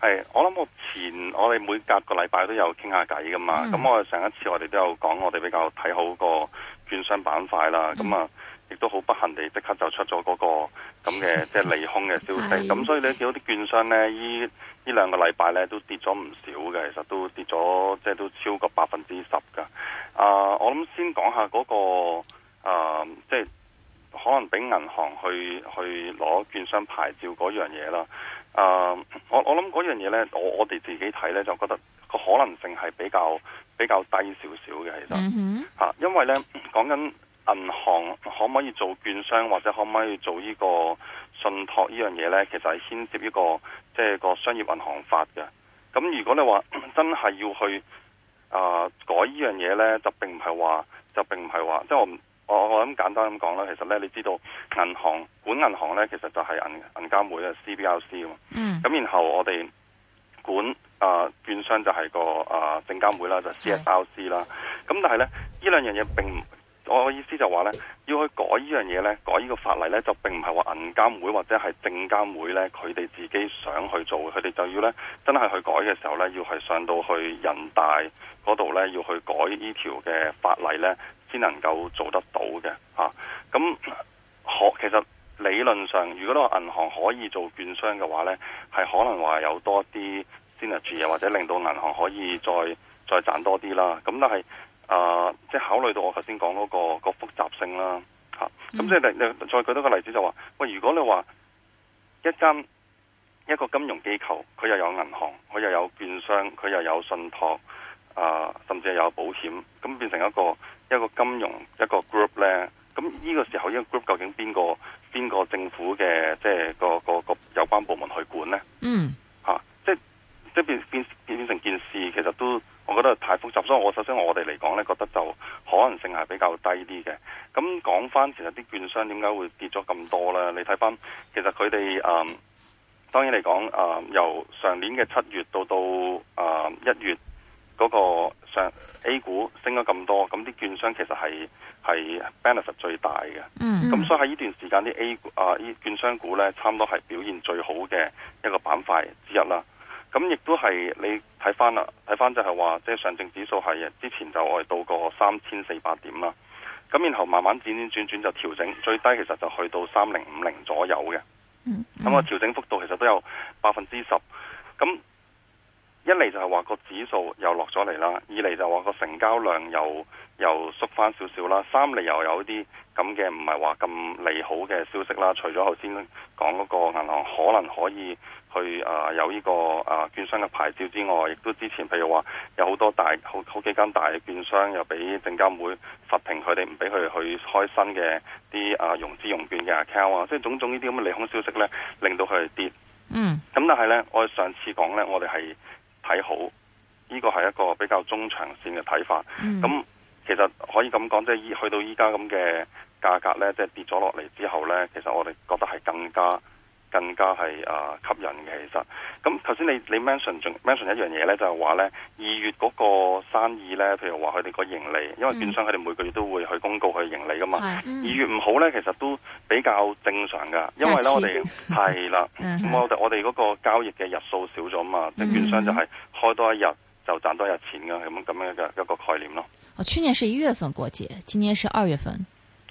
係，我諗目前我哋每隔個禮拜都有傾下偈噶嘛，咁、嗯、我哋上一次我哋都有講，我哋比較睇好個券商板塊啦，咁啊亦都好不幸地即刻就出咗嗰、那個咁嘅即係利空嘅消息，咁 是所以你見到啲券商呢，依呢兩個禮拜呢都跌咗唔少嘅，其實都跌咗即係都超過百分之十噶。啊、呃，我諗先講下嗰、那個啊，即、呃、係、就是、可能俾銀行去去攞券商牌照嗰樣嘢啦。啊、uh,！我我諗嗰樣嘢呢，我我哋自己睇呢，就覺得個可能性係比較比較低少少嘅，其實吓，mm hmm. uh, 因為呢，講緊銀行可唔可以做券商，或者可唔可以做呢個信託呢樣嘢呢，其實係牽涉呢個即係個商業銀行法嘅。咁如果你話真係要去啊、呃、改呢樣嘢呢，就並唔係話，就並唔係話，即係我我我諗簡單咁講啦，其實咧，你知道銀行管銀行咧，其實就係銀銀監會啊，CBRC 啊嘛。嗯。咁然後我哋管啊券商就係個啊證監會啦，就是、CSRC 啦。咁是但係咧，呢兩樣嘢並唔我嘅意思就話咧，要去改呢樣嘢咧，改呢個法例咧，就並唔係話銀監會或者係證監會咧，佢哋自己想去做，佢哋就要咧，真係去改嘅時候咧，要係上到去人大嗰度咧，要去改呢條嘅法例咧。先能夠做得到嘅嚇，咁、啊、可、嗯、其實理論上，如果呢個銀行可以做券商嘅話呢，係可能話有多啲 synergy 或者令到銀行可以再再賺多啲啦。咁但係啊，即係考慮到我頭先講嗰個、那個複雜性啦嚇，咁即係再舉多個例子就話、是、喂，如果你話一間一個金融機構，佢又有銀行，佢又有券商，佢又有信託。啊，甚至有保險，咁變成一個一個金融一個 group 咧，咁呢個時候呢個 group 究竟邊個邊個政府嘅即係個個個有關部門去管呢？嗯，嚇，即係即係變變變成件事，其實都我覺得太複雜，所以我首先我哋嚟講咧，覺得就可能性係比較低啲嘅。咁講翻其實啲券商點解會跌咗咁多咧？你睇翻其實佢哋啊，當然嚟講啊、嗯，由上年嘅七月到到啊一月。嗰個上 A 股升咗咁多，咁啲券商其實係係 benefit 最大嘅。嗯、mm，咁、hmm. 所以喺呢段時間啲 A 股啊，啲券商股咧，差唔多係表現最好嘅一個板塊之一啦。咁亦都係你睇翻啦，睇翻就係話，即係上證指數係之前就愛到個三千四百點啦。咁然後慢慢轉轉轉轉就調整，最低其實就去到三零五零左右嘅。嗯、mm，咁、hmm. 啊調整幅度其實都有百分之十。咁一嚟就係話個指數又落咗嚟啦，二嚟就話個成交量又又縮翻少少啦，三嚟又有啲咁嘅唔係話咁利好嘅消息啦。除咗頭先講嗰個銀行可能可以去啊有呢個啊券商嘅牌照之外，亦都之前譬如話有好多大好好幾間大券商又俾證監會罰停佢哋，唔俾佢去開新嘅啲啊融資融券嘅 account 啊，即係種種呢啲咁嘅利空消息呢，令到佢跌。嗯，咁但係呢，我哋上次講呢，我哋係。睇好，呢個係一個比較中長線嘅睇法。咁、嗯、其實可以咁講，即係去到依家咁嘅價格咧，即係跌咗落嚟之後咧，其實我哋覺得係更加。更加係啊，呃、吸引嘅，其實咁頭先你你 mention 仲 mention 一樣嘢咧，就係話咧二月嗰個生意咧，譬如話佢哋個盈利，嗯、因為券商佢哋每個月都會去公告佢盈利噶嘛。二、嗯、月唔好咧，其實都比較正常嘅，因為咧次我哋係啦，咁我我哋嗰個交易嘅日數少咗嘛，即券、嗯、商就係開多一日就賺多一日錢嘅咁咁樣嘅一,一個概念咯。去年是一月份過節，今年是二月份。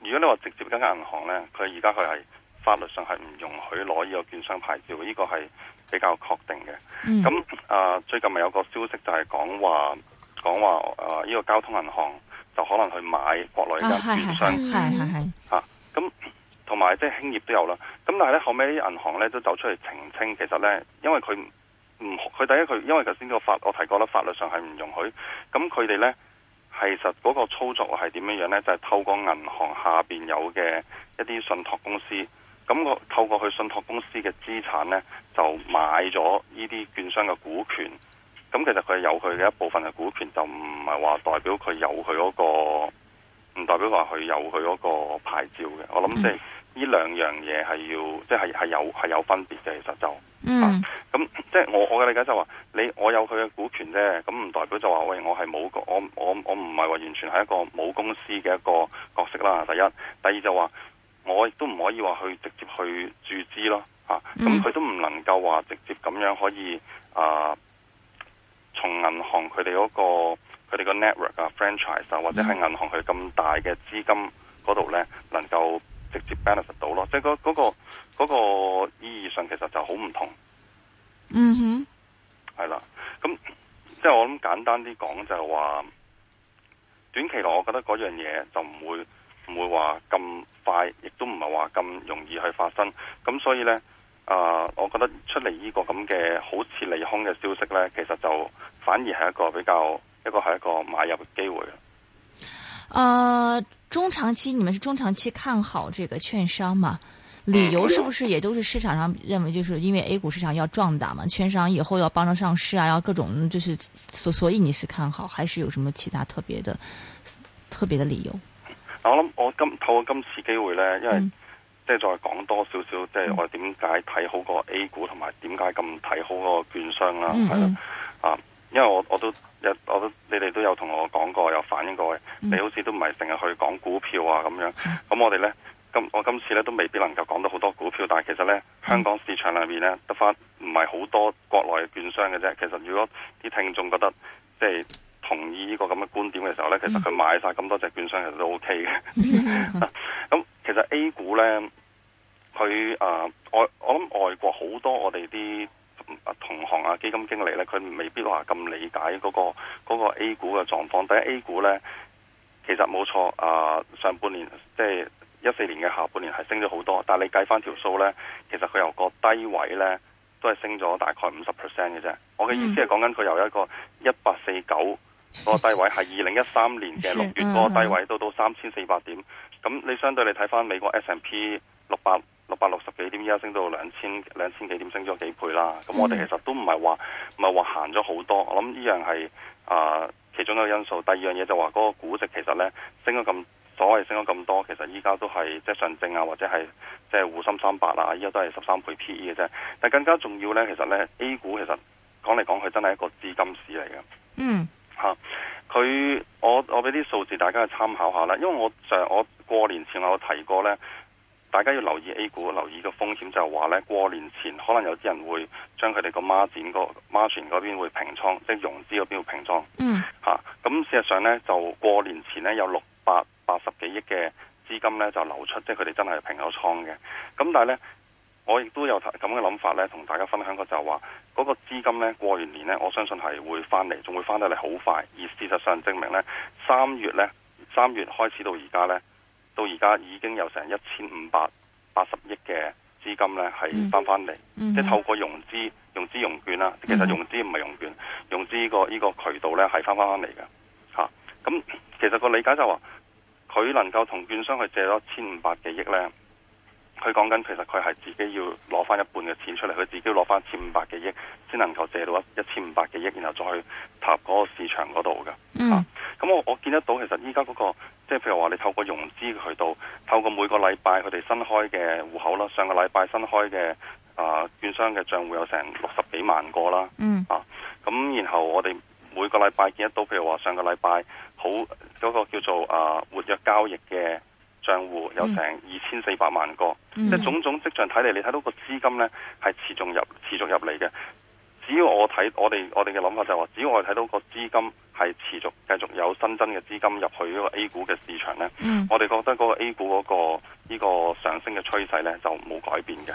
如果你話直接間間銀行呢，佢而家佢係法律上係唔容許攞呢個券商牌照的，呢、呢個係比較確定嘅。咁啊、嗯呃，最近咪有個消息就係講話講話啊，依、呃呢個交通銀行就可能去買國內嘅券商，係係係嚇。咁同埋即係興業都有啦。咁但係呢後尾啲銀行呢都走出嚟澄清，其實呢，因為佢唔佢第一佢因為頭先個法我提過啦，法律上係唔容許。咁佢哋呢。其實嗰個操作係點樣樣呢？就係、是、透過銀行下邊有嘅一啲信託公司，咁我透過去信託公司嘅資產呢，就買咗呢啲券商嘅股權。咁其實佢有佢嘅一部分嘅股權，就唔係話代表佢有佢嗰、那個，唔代表話佢有佢嗰個牌照嘅。我諗即係。呢兩樣嘢係要，即係係有係有分別嘅，其實就，嗯、mm. 啊，咁即係我我嘅理解就話，你我有佢嘅股權啫，咁唔代表就話，喂，我係冇個，我我我唔係話完全係一個冇公司嘅一個角色啦。第一，第二就話，我亦都唔可以話去直接去注資咯，咁、啊、佢都唔能夠話直接咁樣可以啊，從銀行佢哋嗰個佢哋個 network 啊 franchise 啊，mm. 或者係銀行佢咁大嘅資金嗰度呢，能夠。直接 balance 到咯，即係嗰嗰個、嗰個嗰個意義上，其實就好唔同。嗯哼，係啦，咁即係我諗簡單啲講、就係，就係話短期內，我覺得嗰樣嘢就唔會唔會話咁快，亦都唔係話咁容易去發生。咁所以呢，啊、呃，我覺得出嚟呢個咁嘅好似利空嘅消息呢，其實就反而係一個比較一個係一個買入嘅機會。誒、呃。中長期你們是中長期看好這個券商嘛？理由是不是也都是市場上認為，就是因為 A 股市場要壯大嘛，券商以後要幫到上市啊，要各種就是，所所以你是看好，還是有什麼其他特別的特別的理由？啊、我諗我今透過今次機會呢，因為、嗯、即係再講多少少，即係我點解睇好個 A 股同埋點解咁睇好個券商啦、啊嗯嗯，啊。因為我我都有，我都，我都你哋都有同我講過，有反映過嘅。嗯、你好似都唔係成日去講股票啊，咁樣。咁、嗯、我哋呢，今我今次呢都未必能夠講到好多股票。但係其實呢，香港市場裏面呢，得返唔係好多國內嘅券商嘅啫。其實如果啲聽眾覺得即係同意呢個咁嘅觀點嘅時候呢，其實佢買晒咁多隻券商其實都 OK 嘅。咁、嗯 啊、其實 A 股呢，佢啊外我諗外國好多我哋啲。呃基金經理咧，佢未必話咁理解嗰個嗰個 A 股嘅狀況。第一 A 股咧，其實冇錯啊，上半年即係一四年嘅下半年係升咗好多。但係你計翻條數咧，其實佢由個低位咧都係升咗大概五十 percent 嘅啫。我嘅意思係講緊佢由一個一八四九個低位，係二零一三年嘅六月嗰個低位，都到三千四百點。咁你相對嚟睇翻美國 S&P 六百。六百六十幾點，依家升到兩千兩千幾點，升咗幾倍啦。咁我哋其實都唔係話唔係話行咗好多。我諗呢樣係啊其中一個因素。第二樣嘢就話嗰個估值，其實呢，升咗咁所謂升咗咁多，其實依家都係即係上證啊，或者係即係滬深三百啦，依家都係十三倍 P E 嘅啫。但更加重要呢，其實呢 A 股其實講嚟講去真係一個資金市嚟嘅。嗯，吓佢、啊、我我俾啲數字大家去參考一下啦。因為我就我過年前我提過呢。大家要留意 A 股，留意個風險就係話咧，過年前可能有啲人會將佢哋個孖展，個孖展嗰邊會平倉，即係融資嗰邊會平倉。嗯，吓咁、啊、事實上呢，就過年前呢，有六百八十幾億嘅資金呢就流出，即係佢哋真係平咗倉嘅。咁但係呢，我亦都有咁嘅諗法呢，同大家分享過就係、是、話，嗰、那個資金呢，過完年呢，我相信係會翻嚟，仲會翻得嚟好快。而事實上證明呢，三月呢，三月開始到而家呢。到而家已經有成一千五百八十億嘅資金咧，係翻翻嚟，嗯、即係透過融資、融資融券啦。其實融資唔係融券，融資呢、呢個依、呢個渠道咧係翻翻翻嚟嘅。嚇，咁、啊、其實個理解就話、是，佢能夠同券商去借咗一千五百幾億咧。佢講緊，佢其實佢係自己要攞翻一半嘅錢出嚟，佢自己要攞翻千五百幾億，先能夠借到一一千五百幾億，然後再去踏嗰個市場嗰度嘅。嗯，咁、啊、我我見得到其實依家嗰個，即係譬如話你透過融資渠道，透過每個禮拜佢哋新開嘅戶口啦，上個禮拜新開嘅啊券商嘅帳戶有成六十幾萬個啦。嗯，啊，咁然後我哋每個禮拜見得到，譬如話上個禮拜好嗰、嗰個叫做啊活躍交易嘅。賬戶有成二千四百萬個，嗯、即係種種跡象睇嚟，你睇到個資金呢係持續入持續入嚟嘅。只要我睇我哋我哋嘅諗法就係、是、話，只要我哋睇到個資金係持續繼續有新增嘅資金入去呢、嗯、個 A 股嘅市場呢，我哋覺得嗰個 A 股嗰個呢個上升嘅趨勢呢就冇改變嘅。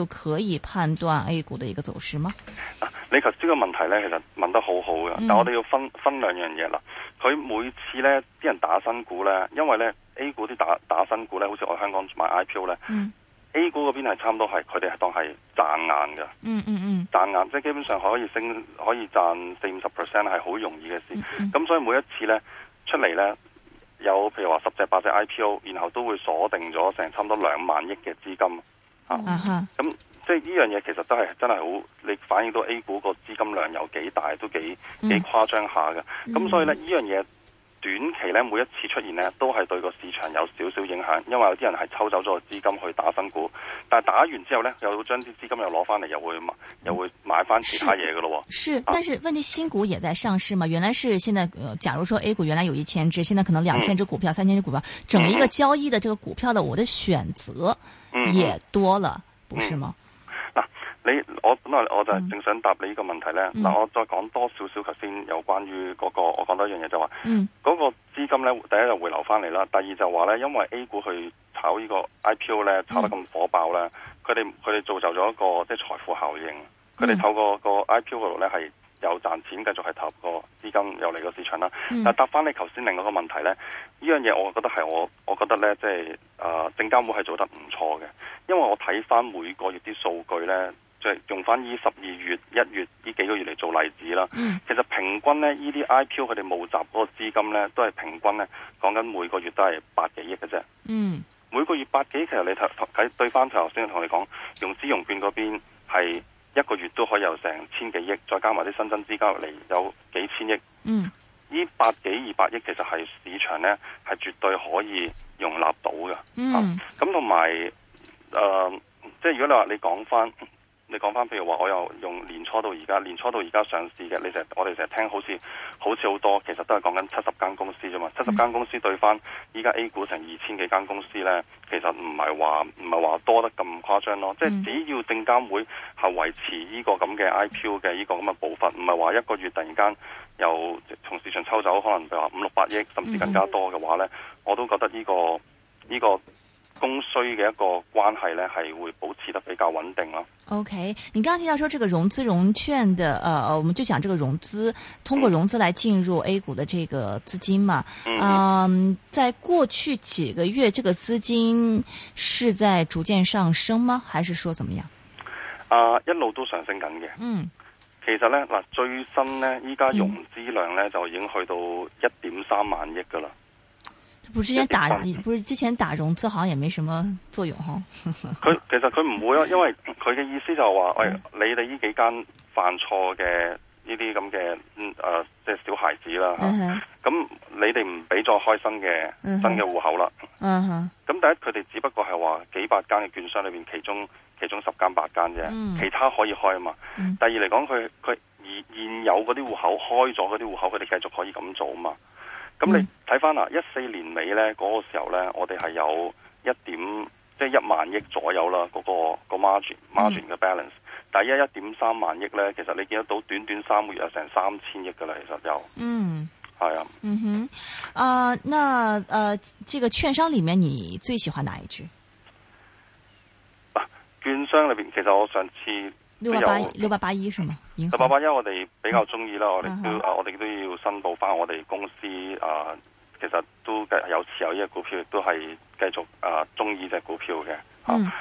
就可以判斷 A 股嘅一個走勢嗎？你頭先個問題呢，其實問得好好嘅。嗯、但我哋要分分兩樣嘢啦。佢每次呢啲人打新股呢，因為呢 A 股啲打打新股呢，好似我喺香港買 IPO 呢、嗯、A 股嗰邊係差唔多係佢哋係當係賺硬嘅。嗯嗯嗯，賺硬即係基本上可以升可以賺四五十 percent 係好容易嘅事。咁、嗯嗯、所以每一次呢出嚟呢，有譬如話十隻八隻 IPO，然後都會鎖定咗成差唔多兩萬億嘅資金。啊，咁即係呢樣嘢，其實都係真係好，你反映到 A 股個資金量有幾大，都幾幾誇張下嘅。咁所以呢呢樣嘢短期呢，每一次出現呢，都係對個市場有少少影響，因為有啲人係抽走咗個資金去打新股，但係打完之後呢又將啲資金又攞翻嚟，又會又會買翻其他嘢噶咯。是，啊、是，但是問題，新股也在上市嘛？原來是現在、呃，假如說 A 股原來有一千隻，現在可能兩千隻股票、嗯、三千隻股票，整一個交易的這個股票的我的選擇。嗯嗯嗯，也多了，不是嗎？嗱、嗯嗯，你我本來我就係正想答你呢個問題咧。嗱、嗯嗯，我再講多少少頭先有關於嗰、那個，我講多一樣嘢就話、是，嗰、嗯、個資金咧，第一就回流翻嚟啦，第二就話咧，因為 A 股去炒這個呢個 IPO 咧炒得咁火爆咧，佢哋佢哋造就咗一個即係財富效應，佢哋透過個 IPO 嗰度咧係。嗯有賺錢繼續係投入個資金又嚟個市場啦。嗱、嗯，但答翻你頭先另外一個問題呢，呢樣嘢我覺得係我，我覺得呢，即係誒證監會係做得唔錯嘅，因為我睇翻每個月啲數據呢，即係用翻呢十二月、一月呢幾個月嚟做例子啦。嗯、其實平均呢，呢啲 IPO 佢哋募集嗰個資金呢，都係平均呢，講緊每個月都係百幾億嘅啫。嗯、每個月百幾其實你睇喺對翻頭先同你講，融資融券嗰邊係。一個月都可以有成千幾億，再加埋啲新增資金入嚟，有幾千億。嗯，呢百幾二百億其實係市場呢，係絕對可以容納到嘅。嗯，咁同埋誒，即係如果你話你講翻。你講翻譬如話，我又用年初到而家，年初到而家上市嘅，你成日我哋成日聽好，好似好似好多，其實都係講緊七十間公司啫嘛。七十間公司對翻依家 A 股成二千幾間公司呢，其實唔係話唔係話多得咁誇張咯。即係只要證監會係維持呢個咁嘅 IPO 嘅呢個咁嘅部分，唔係話一個月突然間又從市場抽走可能譬如話五六百億，甚至更加多嘅話呢，我都覺得呢個呢個。呢個供需嘅一個關係呢，係會保持得比較穩定咯。OK，你剛剛提到說這個融資融券的，呃，我們就講這個融資，通過融資來進入 A 股的這個資金嘛。嗯。嗯、呃。在過去幾個月，這個資金是在逐漸上升嗎？還是說怎麼樣？啊，一路都上升緊嘅。嗯。其實呢，嗱，最新呢，依家融資量呢，就已經去到一點三萬億噶啦。唔之前打，不是之前打融資，好像也沒什麼作用。佢其實佢唔會啊，因為佢嘅意思就係話，誒、嗯，你哋呢幾間犯錯嘅呢啲咁嘅誒，即、嗯、係、呃就是、小孩子啦，咁、啊啊、你哋唔俾再開新嘅、啊、新嘅戶口啦。咁、啊啊、第一，佢哋只不過係話幾百間嘅券商裏面其，其中其中十間八間啫，嗯、其他可以開啊嘛。嗯、第二嚟講，佢佢現有嗰啲戶口開咗嗰啲戶口，佢哋繼續可以咁做啊嘛。咁、嗯、你睇翻啊，一四年尾咧嗰個時候咧，我哋係有一點即係一萬億左右啦，嗰、那個、那個 margin margin 嘅 balance，、嗯、但係一一點三萬億咧，其實你見得到短短三個月有成三千億噶啦，其實就，嗯係啊，嗯哼，啊、呃，那誒、呃，這個券商裏面你最喜歡哪一支？啊、券商裏面其實我上次。六八六八八一是嘛？六八八一我哋比較中意啦，嗯、我哋都、嗯、我哋都要申報翻我哋公司啊、呃。其實都有持有呢隻股票，都係繼續啊中意隻股票嘅。啊，嗯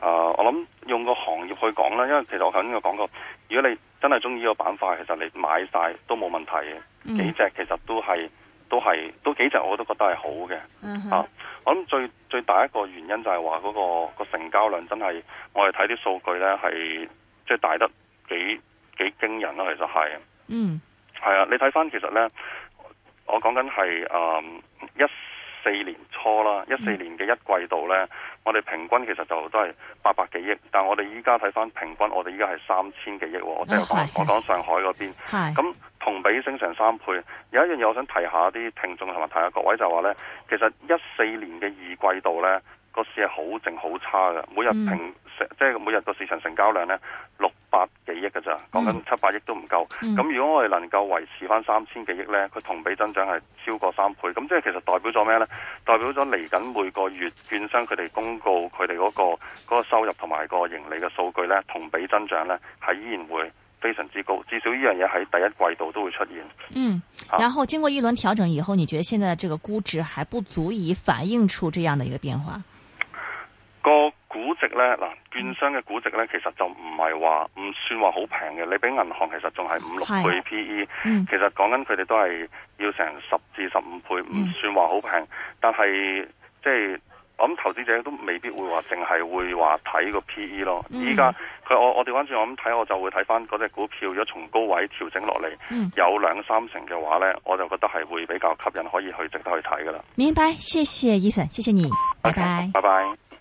呃、我諗用個行業去講啦，因為其實我頭先我講過，如果你真係中意呢個板塊，其實你買晒都冇問題嘅。嗯。幾隻其實都係都係都幾隻我都覺得係好嘅。啊，我諗最最大一個原因就係話嗰個、那個成交量真係，我哋睇啲數據咧係。是即係大得幾幾驚人咯、啊，其實係，嗯，係啊，你睇翻其實呢，我講緊係誒一四年初啦，一四年嘅一季度呢，嗯、我哋平均其實就都係八百幾億，但我哋依家睇翻平均我、啊，哦、我哋依家係三千幾億喎，即係講我講上海嗰邊，咁的同比升成三倍。的有一樣嘢我想提下啲聽眾同埋提下各位就話呢，其實一四年嘅二季度呢。個市係好靜好差嘅，每日平、嗯、即係每日個市場成交量呢，六百幾億嘅咋，講緊七百億都唔夠。咁、嗯、如果我哋能夠維持翻三千幾億呢，佢同比增長係超過三倍。咁即係其實代表咗咩呢？代表咗嚟緊每個月券商佢哋公告佢哋嗰個、嗰個收入同埋個盈利嘅數據呢，同比增長呢係依然會非常之高。至少呢樣嘢喺第一季度都會出現。嗯，啊、然後經過一輪調整以後，你覺得現在嘅這個估值還不足以反映出這樣的一個變化？個估值咧，嗱，券商嘅估值咧，其實就唔係話唔算話好平嘅。你俾銀行其實仲係五六倍 P E，、啊嗯、其實講緊佢哋都係要成十至十五倍，唔、嗯、算話好平。但係即係，我諗投資者都未必會話淨係會話睇個 P E 咯。依家佢我我哋反正我咁睇，我就會睇翻嗰隻股票，如果從高位調整落嚟、嗯、有兩三成嘅話咧，我就覺得係會比較吸引，可以去值得去睇噶啦。明白，謝謝 Eason，謝謝你，拜拜 Okay, bye，拜拜。